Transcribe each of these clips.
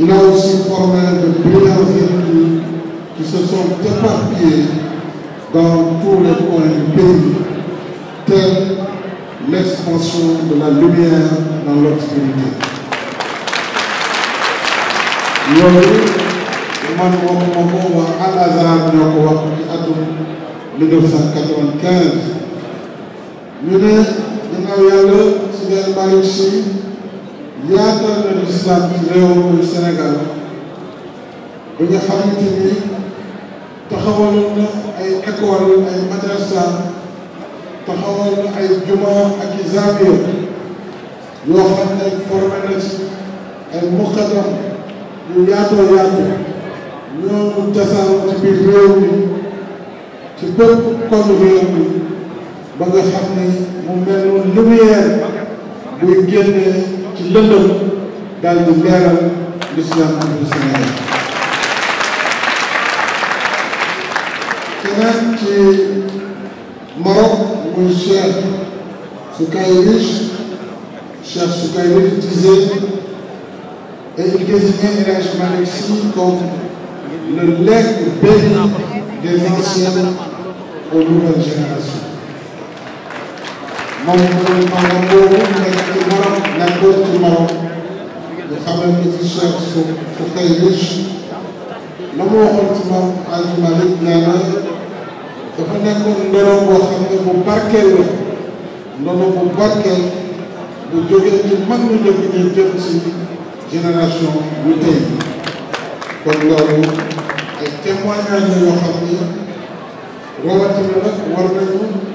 Il a aussi formé de brillants élus qui se sont éparpillées dans tous les coins du pays, telle l'expansion de la lumière dans l'obscurité. loolu le moom de moo à al azhar ñoo ko wax ci 1995 ñu ne ginnaaw yàlla si ngeen bàyyi si yaatal na lislaam ci réewam muy Sénégal ba nga xamante ni taxawaloon na ay école ay madrasa taxawal na ay juma ak i zawiya yoo xam ne formé na ci ay muqaddam yu yaatoo yaatu ñooñu tasaaroo ci biir réew mi ci bépp koñ réew mi ba nga xam ne mu mel noonu lumière buy génnee qui lëndëm daal le leeral l'islam amul Sénégal keneen ci Maroc mon cher Soukayrij cher Soukayrij disait et il désignait El Hadj comme le legs béni des anciens aux nouvelles générations moom mooy maanaam boobu nekk ci Maroc nekkoon ci Maroc ñu xamal ni ci Cheikh su su xëy riche la mu waxoon ci moom Hadj Malick nee na dafa nekkoon ndono boo xam ne bu barkeel la ndono bu barkeel bu jógee ci mag ñu njëkk ñu jëm si génération bu tey kon loolu ay témoignage yoo xam ni rawatina nag war nañu.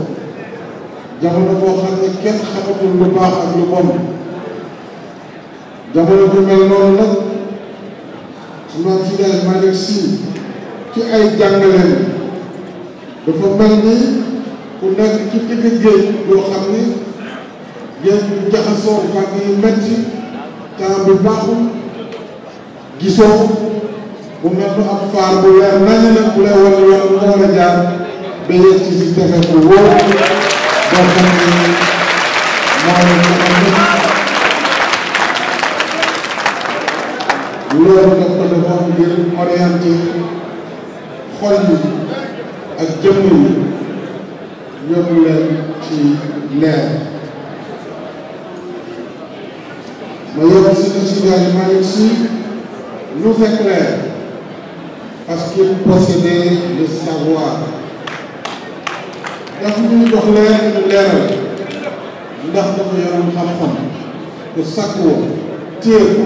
jamono boo xam ne kenn xamatul lu baax ak lu bon jamono bu mel noonu nag Maam Seydi El Malick Sy ci ay jàngaleen dafa mel ni ku nekk ci digg géej boo xam ni jaxasoo fànn yu metti temps bi baaxul gisoo bu mel ni ab faar bu leer nañ la bu yoon nga war jaar ba yegg ci si tefe bu wóor loolu nag ko defoon ngir orienté xol yi ak jëmm yi ci leer ma yóbbu si ñu si daal maa ngi si nous éclaire parce qu'il possédait le savoir ndax suñu dox leer leeral ndax dafa yoroon xam-xam bu sàkkoo téye ko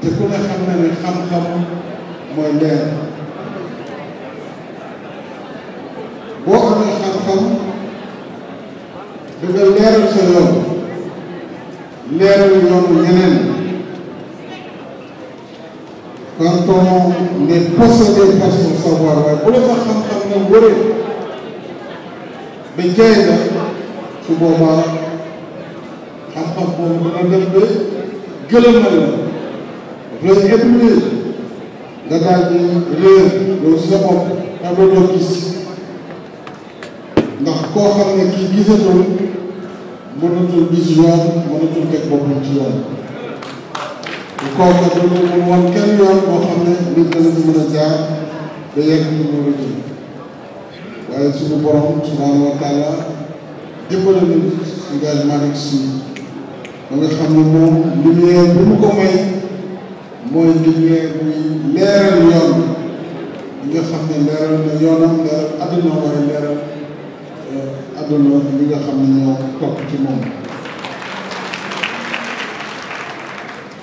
te ku ne xam na ne xam-xam mooy leer boo amee xam-xam da nga leeral sa yoon leeral yoonu ñeneen quand on est possédé par son savoir waaye bu la sa xam-xam ñoom wëree bañ jaayee na su boobaa xam-xam boobu dana dem ba gëlëmal la lay éprouver nga daal di réer loolu sa bopp te doo gis ndax koo xam ne kii gisatul mënatul gis yoon mënatul teg boppam ci yoon bu koo xam ne dootul woon kenn yoon boo xam ne nit dana ci mën a jaar ba yegg ñu mën a jëm waaye suñu borom subhaanahu wa taala dimbale nañu engagement Malick Sy ba nga xam ne moom lumière bi mu ko may mooy lumière buy leeral yoon bi nga xam ne leeral na yoonam leeral àdduna waaye euh, nga xam ne ñoo topp ci moom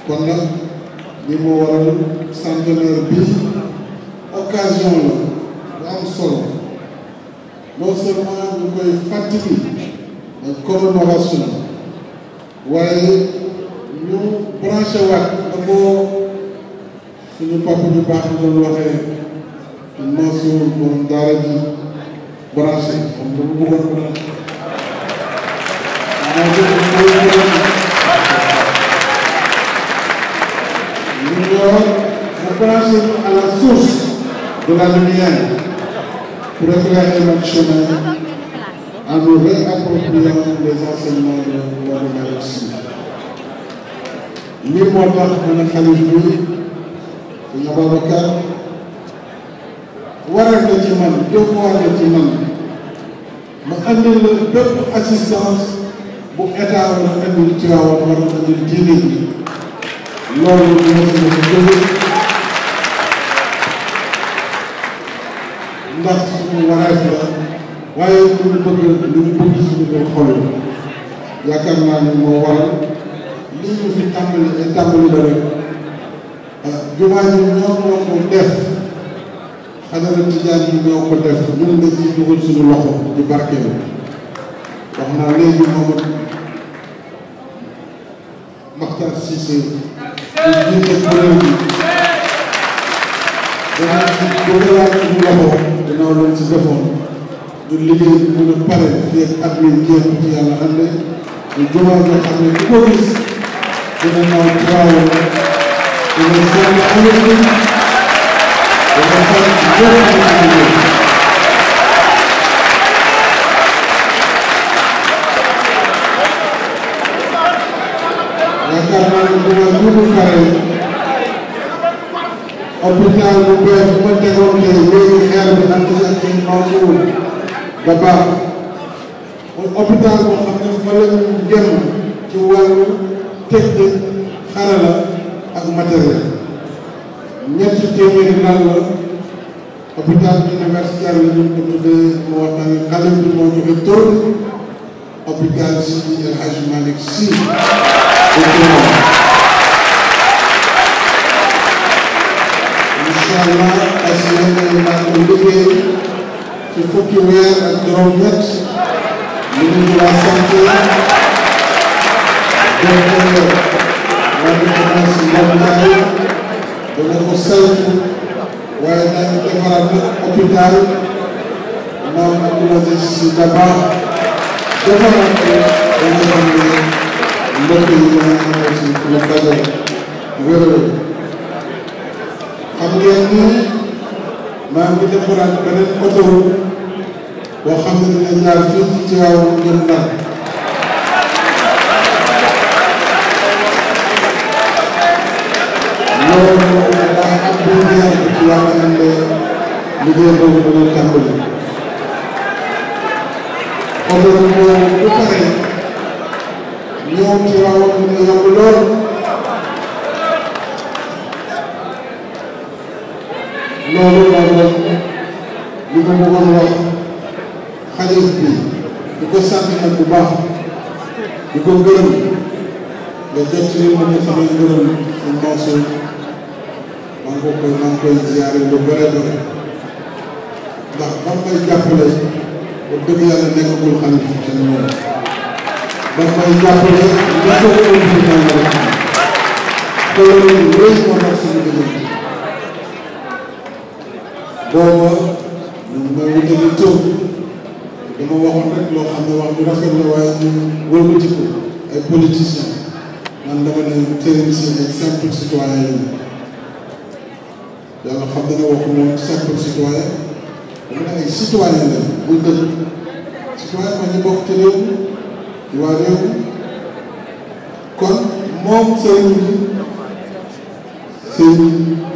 kon nag li mu waral centenaire bi occasion la bu non seulement ñu koy fàttali dañ commémoration waaye ñu branché waat da ko suñu papa bu baax ñu doon waxee Mansour moom daara ji branché am dama bëggoon branché ñu ñoo branché à la source de la lumière Préférablement chemin en nous réappropriant les enseignements de la révolution. Ni moi pas mon khalife bi ñu Babacar waral na ci man devoir na ci man ma andil la bépp assistance bu état war a andil ci waaw war a andil diine loolu moo si ndax suñu wareef la waaye lu ñu bëgg lu ñu bëgg suñu biir xol yaakaar naa ne moo waral li ñu fi tàmbali tàmbali ba rek ah, jumaa yi ñoo ko def xadara tijaan yi ñoo ko def ñun dañ ci dugal suñu loxo di barkeel wax naa léegi moom Maxtar Cissé ñu danaa ci doolewaat suñu loxo danaa loolu ci defoon ñu liggéey mën a pare fii ak at mi jeex ci yàlla xam ne ñu jumaa joo xam ne ku ko gis dina naaw traawal dina sell alal bi dina sell lépp lu ñu liggéey yaakaar naa ne jumaa bu mu paree hôpital bu bees bu ma tegoon tey léegi xeer bi ak seen Mansour da baax hôpital boo xam ne fa la ñu jëm ci wàllu technique xarala ak matériel ñetti téeméeri lal la hôpital universitaire la ñu ko tuddee moo tax xale bi moo joxe tur hôpital Seydi El Hadji Malick Sy également assuré nañu mag bu liggéey ci fukki weer ak juróom-ñett ministre de la santé docteur Mamadou Agnès Ngombale dana ko saytu waaye nag defaraat na hôpital Maam Abdoul Aziz Sy Dabakh defaraat ko ba nga xam ne mbokk yi mën a am aussi lu dajale wér-wér ngeen ñu maa ngi defaraat beneen autoroute boo xam ne dina jaar fii ci Tivaouane jëm Ndar loolu daa am bu jaar ci wax nañ ne liggéey boobu dana tàmbali autoroute boobu bu paree ñëw Tivaouane dina yomb lool loolu laa doon li ko bëggoon wax xalif bi di ko sant nag bu baax di ko gërëm nga jot ci li ma ne sama gërëm suñ maa ko koy maa koy ziare lu bëre bëre ndax ba may jàppale ba dëgg yàlla nekkagul xalif bi ci ñoom ba may jàppale nekkagul xalif bi ci ñoom te loolu rëy moo tax suñu booba ñun mooy wutali tur dama waxoon rek loo xam ne wax bu rafet la waaye ñu wóolu ci ko ay politiciens man dama ne Thierno Sène ak simple citoyen yi yàlla xam ne waxuloon simple citoyen dama ne ay citoyen la muy dëkk citoyen ma ñu bokk ci réew mi waa réew mi kon moom Serigne Serigne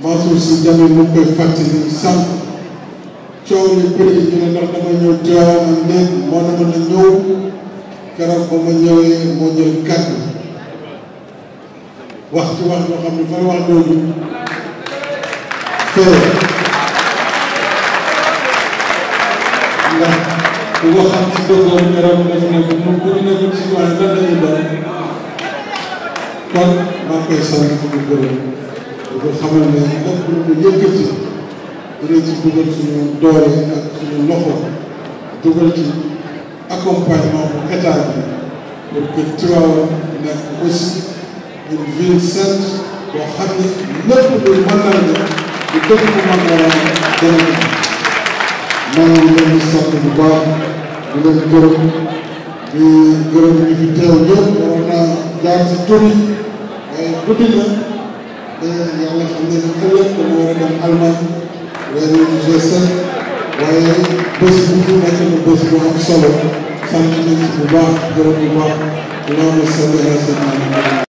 Mansour Sy Djamil mu koy fàttali sànq coow li bëri ñu ne ndax dama ñëw teewaan am déet moo ne mën a ñëw ma ñëwee moo jël kàddu wax ci wax yoo xam ne fan wax dooju te ndax bu ko xam ci dëggoom mu bu nekkul ko xamal ne lépp lu ñu yëkkati dinañ ci dugal suñu doole ak loxo dugal ci accompagnement bu état bi pour que ne lépp lu mën naa ne du dëkk bu mag a waral dana maa ngi leen di sant bu baax di leen gërëm di gërëm ñu fi teew ñëpp war naa jaar si dengan yang Allah ambil kuat kemudian dan alman dari jasa wahai bersebutu macam bersebutu salam sambil sebuah berubah nama sebuah sebuah